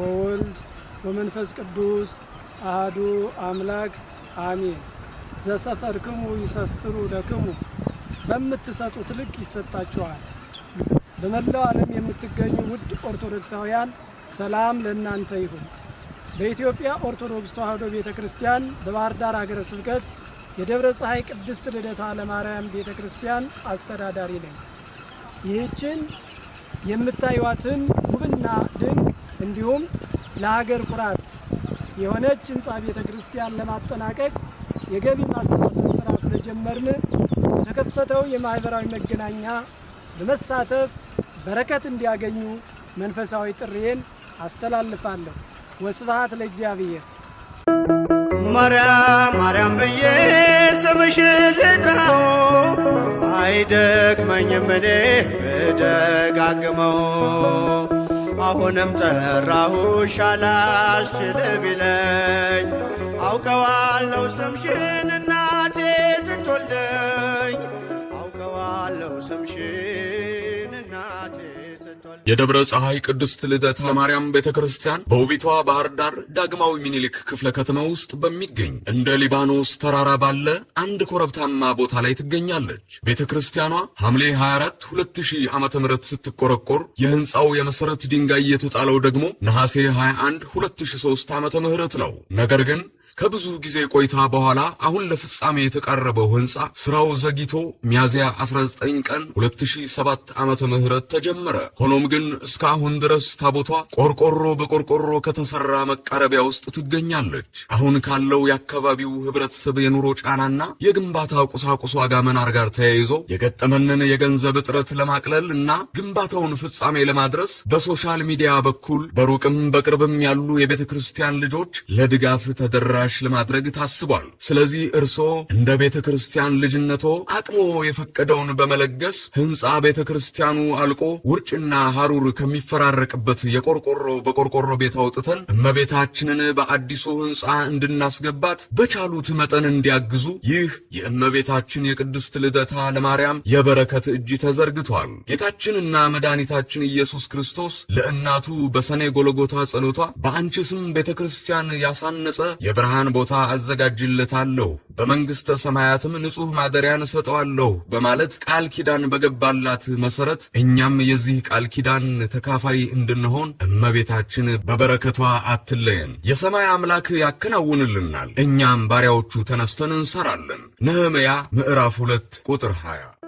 ወወልድ ወመንፈስ ቅዱስ አህዱ አምላክ አሜን። ዘሰፈርክሙ ይሰፍሩ ለክሙ፣ በምትሰጡት ልክ ይሰጣችኋል። በመላው ዓለም የምትገኙ ውድ ኦርቶዶክሳውያን ሰላም ለእናንተ ይሁን። በኢትዮጵያ ኦርቶዶክስ ተዋሕዶ ቤተ ክርስቲያን በባህር ዳር አገረ ስብከት የደብረ ፀሐይ ቅድስት ልደታ ለማርያም ቤተ ክርስቲያን አስተዳዳሪ ነኝ። ይህችን የምታዩዋትን ውብና ድንቅ እንዲሁም ለሀገር ኩራት የሆነች ህንፃ ቤተ ክርስቲያን ለማጠናቀቅ የገቢ ማሰባሰብ ስራ ስለጀመርን ተከፈተው የማህበራዊ መገናኛ በመሳተፍ በረከት እንዲያገኙ መንፈሳዊ ጥሪዬን አስተላልፋለሁ። ወስብሐት ለእግዚአብሔር። ማርያም ማርያም ብዬ ስምሽን ልጥራው አይደክመኝም እኔ ብደጋግመው አሁንም ጠራሁሽ አላስችል ቢለኝ አውቀዋለሁ ስምሽን እናቴ ስትወልደኝ አውቀዋለሁ ስምሽን እናቴ የደብረ ፀሐይ ቅድስት ልደታ ለማርያም ቤተ ክርስቲያን በውቢቷ ባህር ዳር ዳግማዊ ሚኒሊክ ክፍለ ከተማ ውስጥ በሚገኝ እንደ ሊባኖስ ተራራ ባለ አንድ ኮረብታማ ቦታ ላይ ትገኛለች። ቤተ ክርስቲያኗ ሐምሌ 24 2000 ዓ ም ስትቆረቆር የህንፃው የመሠረት ድንጋይ የተጣለው ደግሞ ነሐሴ 21 2003 ዓ ም ነው። ነገር ግን ከብዙ ጊዜ ቆይታ በኋላ አሁን ለፍጻሜ የተቃረበው ህንፃ ስራው ዘግይቶ ሚያዝያ 19 ቀን 2007 ዓመተ ምህረት ተጀመረ። ሆኖም ግን እስካሁን ድረስ ታቦቷ ቆርቆሮ በቆርቆሮ ከተሰራ መቃረቢያ ውስጥ ትገኛለች። አሁን ካለው የአካባቢው ህብረተሰብ የኑሮ ጫናና የግንባታ ቁሳቁስ ዋጋ መናር ጋር ተያይዞ የገጠመንን የገንዘብ እጥረት ለማቅለል እና ግንባታውን ፍጻሜ ለማድረስ በሶሻል ሚዲያ በኩል በሩቅም በቅርብም ያሉ የቤተ ክርስቲያን ልጆች ለድጋፍ ተደራ ተደራሽ ለማድረግ ታስቧል። ስለዚህ እርስዎ እንደ ቤተ ክርስቲያን ልጅነቶ አቅሞ የፈቀደውን በመለገስ ሕንፃ ቤተ ክርስቲያኑ አልቆ ውርጭና ሐሩር ከሚፈራረቅበት የቆርቆሮ በቆርቆሮ ቤት አውጥተን እመቤታችንን በአዲሱ ሕንፃ እንድናስገባት በቻሉት መጠን እንዲያግዙ ይህ የእመቤታችን የቅድስት ልደታ ለማርያም የበረከት እጅ ተዘርግቷል። ጌታችንና መድኃኒታችን ኢየሱስ ክርስቶስ ለእናቱ በሰኔ ጎልጎታ ጸሎቷ በአንቺ ስም ቤተ ክርስቲያን ያሳነጸ የብርሃን የንስሐን ቦታ አዘጋጅለታለሁ፣ በመንግሥተ ሰማያትም ንጹሕ ማደሪያን እሰጠዋለሁ በማለት ቃል ኪዳን በገባላት መሠረት እኛም የዚህ ቃል ኪዳን ተካፋይ እንድንሆን እመቤታችን በበረከቷ አትለየን። የሰማይ አምላክ ያከናውንልናል፣ እኛም ባሪያዎቹ ተነስተን እንሰራለን። ነህምያ ምዕራፍ ሁለት ቁጥር 20